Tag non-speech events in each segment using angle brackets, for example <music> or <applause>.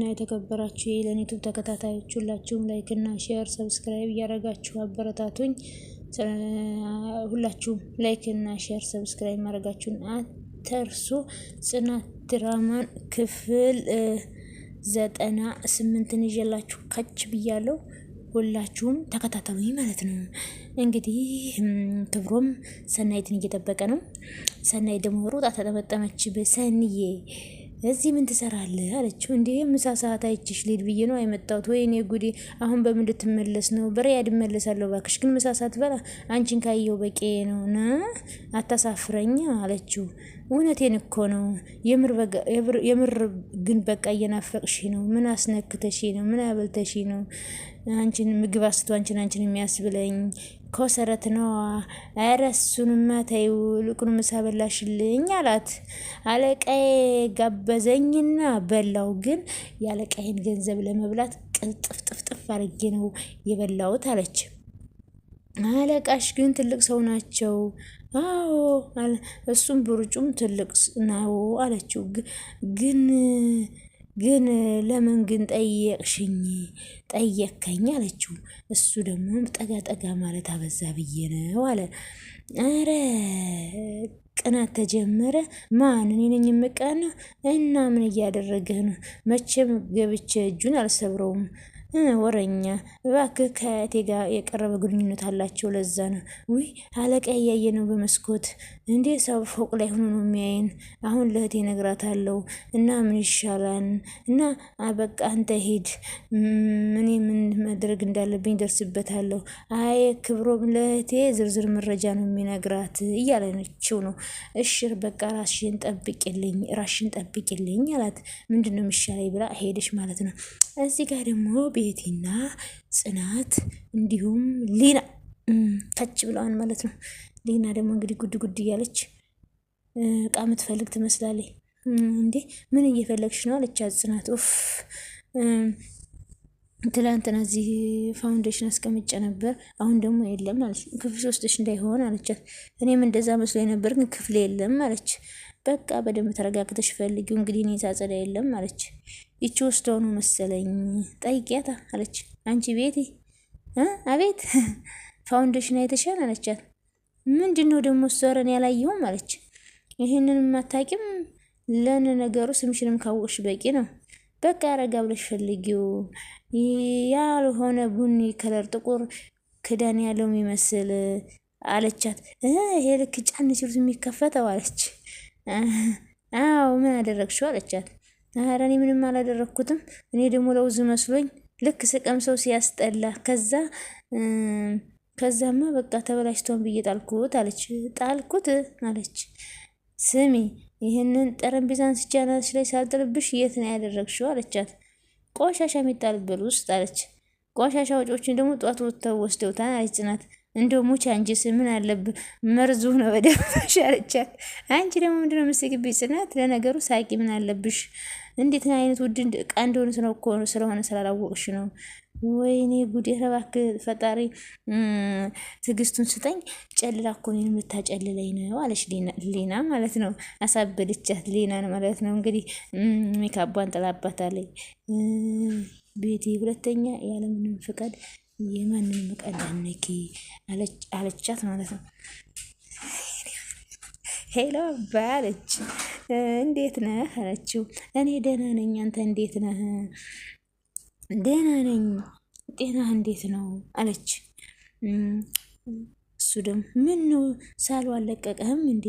ውድና የተከበራችሁ የኢለን ዩቱብ ተከታታዮች ሁላችሁም ላይክ እና ሼር ሰብስክራይብ እያደረጋችሁ አበረታቱኝ። ሁላችሁም ላይክ እና ሼር ሰብስክራይብ ማድረጋችሁን አትርሱ። ጽናት ድራማን ክፍል ዘጠና ስምንትን ይዤላችሁ ከች ብያለሁ። ሁላችሁም ተከታተሉ ማለት ነው። እንግዲህ ክብሮም ሰናይትን እየጠበቀ ነው። ሰናይት ደግሞ ሮጣ ተጠመጠመች። ሰንዬ እዚህ ምን ትሰራለህ? አለችው። እንዲህ ምሳ ሰዓት አይችሽ ልሂድ ብዬ ነው አይመጣሁት። ወይኔ ጉዴ! አሁን በምን ልትመለስ ነው? በሪያድ እመለሳለሁ ባክሽ፣ ግን ምሳ ሰዓት በላ አንቺን ካየው በቄ ነው ና አታሳፍረኛ አለችው። እውነቴን እኮ ነው የምር ግን በቃ እየናፈቅሽ ነው። ምን አስነክተሽ ነው? ምን አበልተሽ ነው? አንቺን ምግብ አስቶ አንቺን አንቺን የሚያስብለኝ ኮሰረት ነዋ። ኧረ እሱንማ ተይው፣ ይልቁንም ምሳ በላሽልኝ አላት። አለቃዬ ጋበዘኝና በላው፣ ግን የአለቃዬን ገንዘብ ለመብላት ቅልጥፍጥፍጥፍ አድርጌ ነው የበላሁት አለች። አለቃሽ ግን ትልቅ ሰው ናቸው። አዎ፣ እሱም ብርጩም ትልቅ ነው አለችው ግን ግን ለምን ግን ጠየቅሽኝ ጠየቅከኝ አለችው። እሱ ደግሞ ጠጋ ጠጋ ማለት አበዛ ብዬ ነው አለ። ኧረ ቅናት ተጀመረ። ማን እኔ ነኝ የምቀናው? እና ምን እያደረገ ነው? መቼም ገብቼ እጁን አልሰብረውም። ወረኛ እባክህ ከእቴ ጋር የቀረበ ግንኙነት አላቸው። ለዛ ነው ውይ አለቃ እያየ ነው በመስኮት እንዴ! ሰው ፎቅ ላይ ሆኖ ነው የሚያይን። አሁን ለእህቴ አለው እና ምን ይሻላል እና በቃ አንተ ሂድ፣ ምን ምን መድረግ እንዳለብኝ ደርስበታለሁ። አይ ክብሮም ለእህቴ ዝርዝር መረጃ ነው የሚነግራት እያለችው ነው። እሺ በቃ ራሽን ጠብቂልኝ፣ ራሽን ጠብቂልኝ አላት። ምንድን ነው የሚሻለኝ ብላ ሄደች ማለት ነው። እዚህ ጋር ደግሞ ቤቲና ጽናት እንዲሁም ሊና ፈጭ ብለዋል ማለት ነው። ሊና ደግሞ እንግዲህ ጉድ ጉድ እያለች እቃ የምትፈልግ ትመስላለች። እንዴ ምን እየፈለግሽ ነው አለቻት ጽናት። ፍ ትላንትና እዚህ ፋውንዴሽን አስቀምጬ ነበር፣ አሁን ደግሞ የለም አለች። ክፍል ሶስትሽ እንዳይሆን አለቻት። እኔም እንደዛ መስሎ ነበር ግን ክፍል የለም አለች። በቃ በደንብ ተረጋግተሽ ፈልጊው እንግዲህ እኔ ሳጸዳ የለም አለች። ይቺ ወስደው መሰለኝ ጠይቂያታ አለች። አንቺ ቤቲ አቤት ፋውንዴሽን አይተሻል አለቻት። ምንድን ነው ደግሞ ሶረን ያላየሁም አለች። ይህንን ማታቂም ለን ነገሩ ስምሽንም ካወቅሽ በቂ ነው። በቃ ረጋ ብለሽ ፈልጊው ያልሆነ ቡኒ ከለር ጥቁር ክዳን ያለው የሚመስል አለቻት። ይሄ ልክ ጫን ሲሉት የሚከፈተው አለች። አዎ ምን አደረግሽው አለቻት። ኧረ እኔ ምንም አላደረግኩትም። እኔ ደግሞ ለውዝ መስሎኝ ልክ ስቀም ሰው ሲያስጠላ ከዛ ከዛማ በቃ ተበላሽቶን ብዬ ጣልኩት አለች። ጣልኩት አለች። ስሚ ይህንን ጠረጴዛ አንስቼ አናትሽ ላይ ሳልጥልብሽ የት ነው ያደረግሽው አለቻት። ቆሻሻ የሚጣልበት ውስጥ አለች። ቆሻሻ ወጪዎችን ደግሞ ጧት ወጥተው ወስደውታል አለች ጽናት። እንደው ሙቻ አንቺስ ምን አለብ መርዙ ነው በደምሽ አለቻት። <laughs> አንቺ ደግሞ ምንድነው የምትስቂብኝ ጽናት? ለነገሩ ሳቂ ምን አለብሽ? እንዴት አይነት ውድ ዕቃ እንደሆነ ስለሆነ ስላላወቅሽ ነው። ወይኔ ጉዴ! ኧረ እባክህ ፈጣሪ ትግስቱን ስጠኝ። ጨልላ እኮ እኔን የምታጨልለኝ ነው አለች ሊና ማለት ነው። አሳበደቻት ሌናን ማለት ነው። እንግዲህ ሜካቧን ጥላባታለች። ቤቴ ሁለተኛ ያለምንም ፍቃድ የማንን መቀዳነኪ አለቻት ማለት ነው። ሄሎ ባለች እንዴት ነህ አለችው። እኔ ደህና ነኝ፣ አንተ እንዴት ነህ? ደህና ነኝ፣ ጤና እንዴት ነው አለች። እሱ ደግሞ ምን ነው ሳሉ አለቀቀህም እንዴ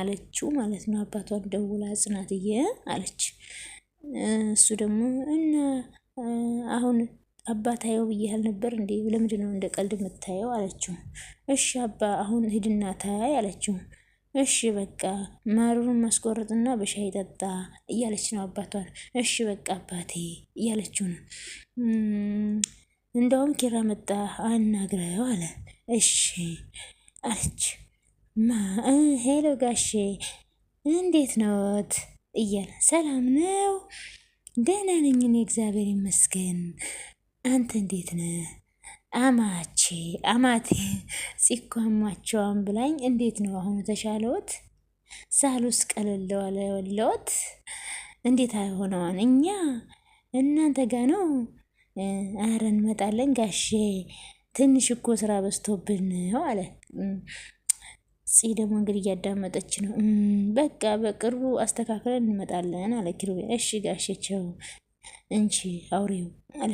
አለችው ማለት ነው። አባቷን ደውላ ጽናትዬ አለች። እሱ ደግሞ እና አሁን አባታየው ብያል ነበር እንዴ? ለምንድን ነው እንደ ቀልድ የምታየው? አለችው። እሺ አባ አሁን ሂድና ታያይ አለችው። እሺ በቃ ማሩን ማስቆረጥና በሻይ ጠጣ እያለች ነው አባቷን። እሺ በቃ አባቴ እያለችው ነው። እንደውም ኪራ መጣ አናግረው አለ። እሺ አለች። ማ ሄሎ ጋሼ እንዴት ነዎት? እያለ ሰላም ነው ደህና ነኝ እኔ እግዚአብሔር ይመስገን አንተ እንዴት ነ አማቼ አማቴ ሲኳማቸዋን ብላኝ፣ እንዴት ነው አሁኑ ተሻለዎት? ሳሉስ ቀለለዋለ ወለዎት? እንዴት አይሆነዋን? እኛ እናንተ ጋ ነው። አረ እንመጣለን ጋሼ፣ ትንሽ እኮ ስራ በዝቶብን ነው አለ። ጽ ደግሞ እንግዲህ እያዳመጠች ነው። በቃ በቅርቡ አስተካክለን እንመጣለን አለ ኪሩቤ። እሺ ጋሼ እንቺ አውሬው አለ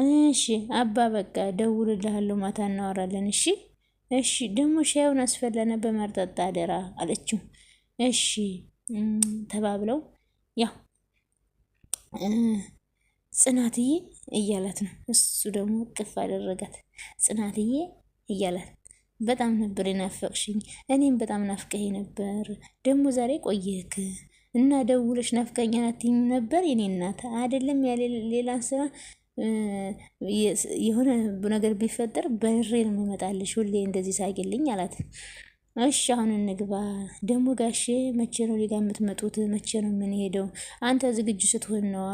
እሺ አባ በቃ እደውልልሃለሁ፣ ማታ እናወራለን። እሺ እሺ። ደግሞ ሻዩን አስፈለነ በመርጠጣ አደራ አለችው። እሺ ተባብለው ያው ጽናትዬ እያላት ነው። እሱ ደግሞ ቅፍ አደረጋት። ጽናትዬ እያላት በጣም ነበር የናፈቅሽኝ፣ እኔም በጣም ናፍቀህ ነበር። ደግሞ ዛሬ ቆየክ እና ደውለሽ ናትኝ ነበር የኔ እናት አይደለም ያለ ስራ የሆነ ነገር ቢፈጠር በሬ ነው የሚመጣልሽ፣ ሁሌ እንደዚህ ሳቂልኝ አላት። እሺ አሁን እንግባ። ደግሞ ጋሼ መቼ ነው ሊጋ የምትመጡት? መቼ ነው የምንሄደው? አንተ ዝግጁ ስትሆን ነዋ።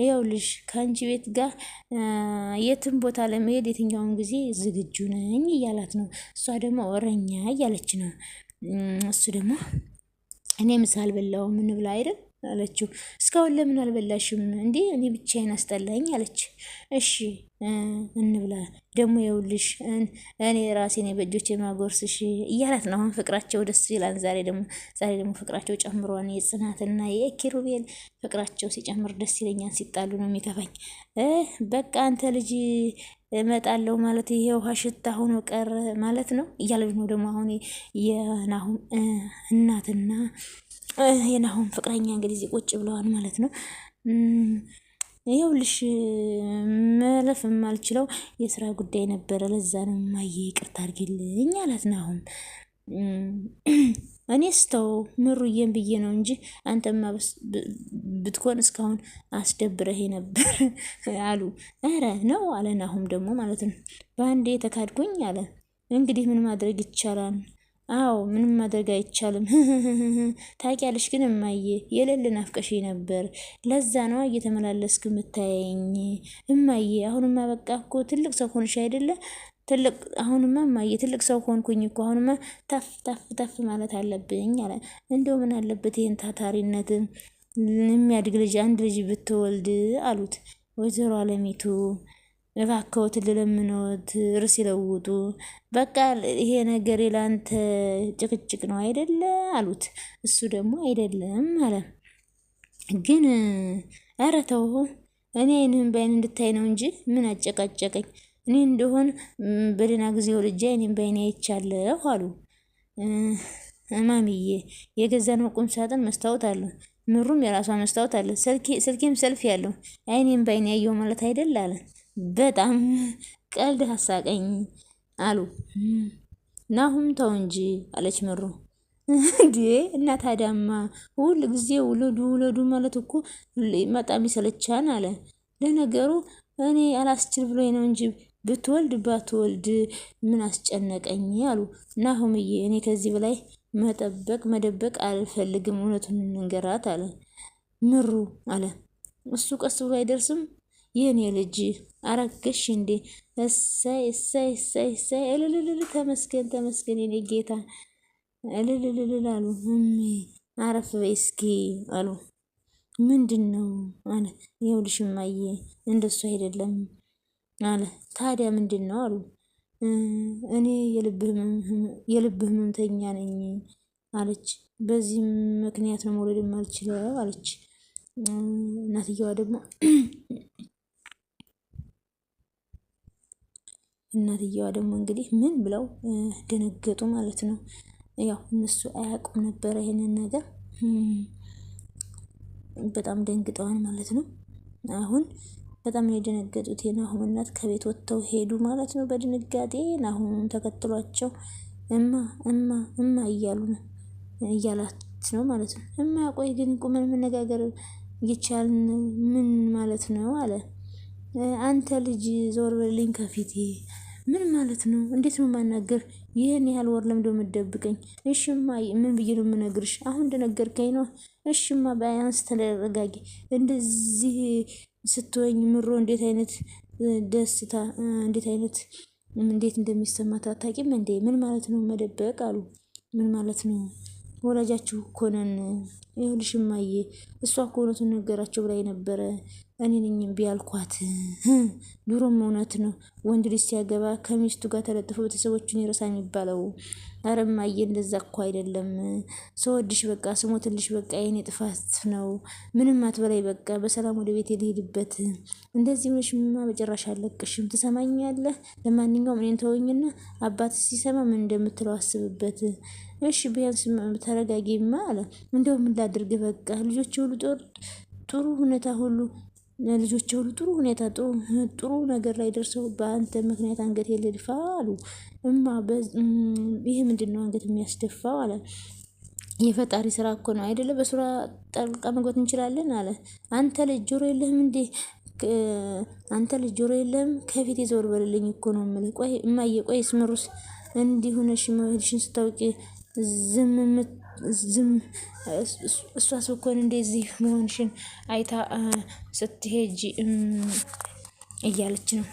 ይኸውልሽ ከአንቺ ቤት ጋር የትም ቦታ ለመሄድ የትኛውን ጊዜ ዝግጁ ነኝ እያላት ነው። እሷ ደግሞ ወረኛ እያለች ነው። እሱ ደግሞ እኔ ምሳ አልበላሁም እንብላ አይደል አለችው። እስካሁን ለምን አልበላሽም እንዴ? እኔ ብቻዬን አስጠላኝ አለች። እሺ እንብላ ደግሞ የውልሽ እኔ ራሴን ነኝ በእጆቼ የማጎርስሽ እያላት ነው። አሁን ፍቅራቸው ደስ ይላል። ዛሬ ደግሞ ዛሬ ደግሞ ፍቅራቸው ጨምሯን የጽናትና የኪሩቤል ፍቅራቸው ሲጨምር ደስ ይለኛል። ሲጣሉ ነው የሚከፋኝ። በቃ አንተ ልጅ እመጣለሁ ማለት ይሄ ውሃ ሽታ ሆኖ ቀረ ማለት ነው እያለች ነው ደግሞ አሁን የናሁም እናትና የናሁም ፍቅረኛ እንግዲህ ቁጭ ብለዋል ማለት ነው። ይኸውልሽ መለፍ የማልችለው የስራ ጉዳይ ነበረ፣ ለዛ ነው ማየ ይቅርታ አድርጊልኝ አላት ናሁም። እኔ ስተው ምሩዬን ብዬ ነው እንጂ አንተማ ብትኮን እስካሁን አስደብረህ ነበር <laughs> አሉ። ኧረ ነው አለ ናሁም ደግሞ ማለት ነው። በአንዴ ተካድኩኝ አለ። እንግዲህ ምን ማድረግ ይቻላል? አዎ ምንም ማድረግ አይቻልም። <laughs> ታውቂያለሽ ግን እማዬ የሌለ ናፍቀሽ ነበር። ለዛ ነዋ እየተመላለስክ የምታየኝ እማዬ። አሁንማ በቃ እኮ ትልቅ ሰው ሆንሽ አይደለ? ትልቅ አሁንማ እማዬ ትልቅ ሰው ሆንኩኝ እኮ አሁንማ ተፍ ተፍ ተፍ ማለት አለብኝ አለ። እንደው ምን አለበት ይህን ታታሪነት የሚያድግ ልጅ አንድ ልጅ ብትወልድ አሉት ወይዘሮ አለሚቱ እባክዎት ልለምኖት እርስ ይለውጡ በቃ ይሄ ነገር የላንተ ጭቅጭቅ ነው አይደለ አሉት። እሱ ደግሞ አይደለም አለ። ግን ኧረ ተው እኔ አይንህን በአይን እንድታይ ነው እንጂ ምን አጨቃጨቀኝ። እኔ እንደሆን በደህና ጊዜ ወልጃ እኔም በአይኔ አይቻለሁ አሉ። እማምዬ የገዛነው ቁም ሳጥን መስታወት አለው። ምሩም የራሷ መስታወት አለ። ስልኬም ሰልፍ ያለው አይኔም በአይኔ ያየው ማለት አይደል አለ። በጣም ቀልድ አሳቀኝ አሉ። ናሁም ተው እንጂ አለች ምሩ። እንዴ እና ታዳማ ሁል ጊዜ ውለዱ ውለዱ ማለት እኮ በጣም ይሰለቻን አለ። ለነገሩ እኔ አላስችል ብሎ ነው እንጂ ብትወልድ ባትወልድ ምን አስጨነቀኝ አሉ። ናሁምዬ እኔ ከዚህ በላይ መጠበቅ መደበቅ አልፈልግም፣ እውነቱን እንንገራት አለ። ምሩ አለ እሱ ቀስ ብሎ አይደርስም የኔ ልጅ አረገሽ እንዴ? እሳይ እሳይ እልልልል ተመስገን ተመስገን የኔ ጌታ እልልልል አሉ። እሚ አረፍ በይ እስኪ አሉ። ምንድን ነው አለ። ይኸውልሽ እማዬ እንደሱ አይደለም አለ። ታዲያ ምንድን ነው አሉ። እኔ የልብ ህመምተኛ ነኝ አለች። በዚህም ምክንያት ነው መውለድ የማልችለው አለች። እናትየዋ ደግሞ እናትየዋ ደግሞ እንግዲህ ምን ብለው ደነገጡ ማለት ነው። ያው እነሱ አያውቁም ነበረ ይሄንን ነገር በጣም ደንግጠዋል ማለት ነው አሁን በጣም ነው የደነገጡት። የናሁም እናት ከቤት ወጥተው ሄዱ ማለት ነው። በድንጋጤ ናሁም ተከትሏቸው እማ እማ እማ እያሉ ነው እያላት ነው ማለት ነው። እማ ቆይ ግን ቁመን መነጋገር ይቻልን ምን ማለት ነው አለ። አንተ ልጅ ዞር በልኝ ከፊቴ ምን ማለት ነው? እንዴት ነው ማናገር? ይህን ያህል ወር ለምዶ የምደብቀኝ? እሽማ ምን ብዬ ነው የምነግርሽ? አሁን እንደነገርከኝ ነው። እሽማ በአያንስ ተረጋጊ። እንደዚህ ስትወኝ ምሮ እንዴት አይነት ደስታ እንዴት አይነት እንዴት እንደሚሰማት አታውቂም እንዴ? ምን ማለት ነው መደበቅ አሉ። ምን ማለት ነው? ወላጃችሁ እኮ ነን። ይኸውልሽ እማዬ እሷ እኮ ነገራቸው ብላኝ ነበረ። እኔ ነኝ እምቢ አልኳት። ድሮም እውነት ነው ወንድ ልጅ ሲያገባ ከሚስቱ ጋር ተለጥፎ ቤተሰቦቹን ይረሳ የሚባለው። ኧረ እማዬ እንደዛ እኮ አይደለም። ሰወድሽ በቃ ስሞትልሽ በቃ የኔ ጥፋት ነው። ምንም አትበላይ በቃ በሰላም ወደ ቤት የልሄድበት እንደዚህ ምንሽማ በጭራሽ አለቅሽም። ትሰማኛለህ? ለማንኛውም እኔን ተወኝና አባት ሲሰማ ምን እንደምትለው አስብበት። እሺ ቢያንስ ተረጋጊማ አለ እንደውም አድርግ በቃ ልጆች ሁሉ ጥሩ ሁኔታ ሁሉ ልጆች ሁሉ ጥሩ ሁኔታ ጥሩ ነገር ላይ ደርሰው በአንተ ምክንያት አንገት የልድፋ አሉ። እማ ይህ ምንድን ነው አንገት የሚያስደፋው አለ። የፈጣሪ ስራ እኮ ነው አይደለ? በሱራ ጠልቃ መግባት እንችላለን አለ። አንተ ልጅ ጆሮ የለህም እንዴ? አንተ ልጅ ጆሮ የለህም? ከፊት የዘወር በልልኝ እኮ ነው የምልህ። ቆይ እማዬ፣ ቆይ ስምሩስ እንዲሁነሽ መሄድሽን ስታውቂ ዝም ዝም እሷ ስኮን እንደዚህ መሆንሽን አይታ ስትሄጂ እያለች ነው።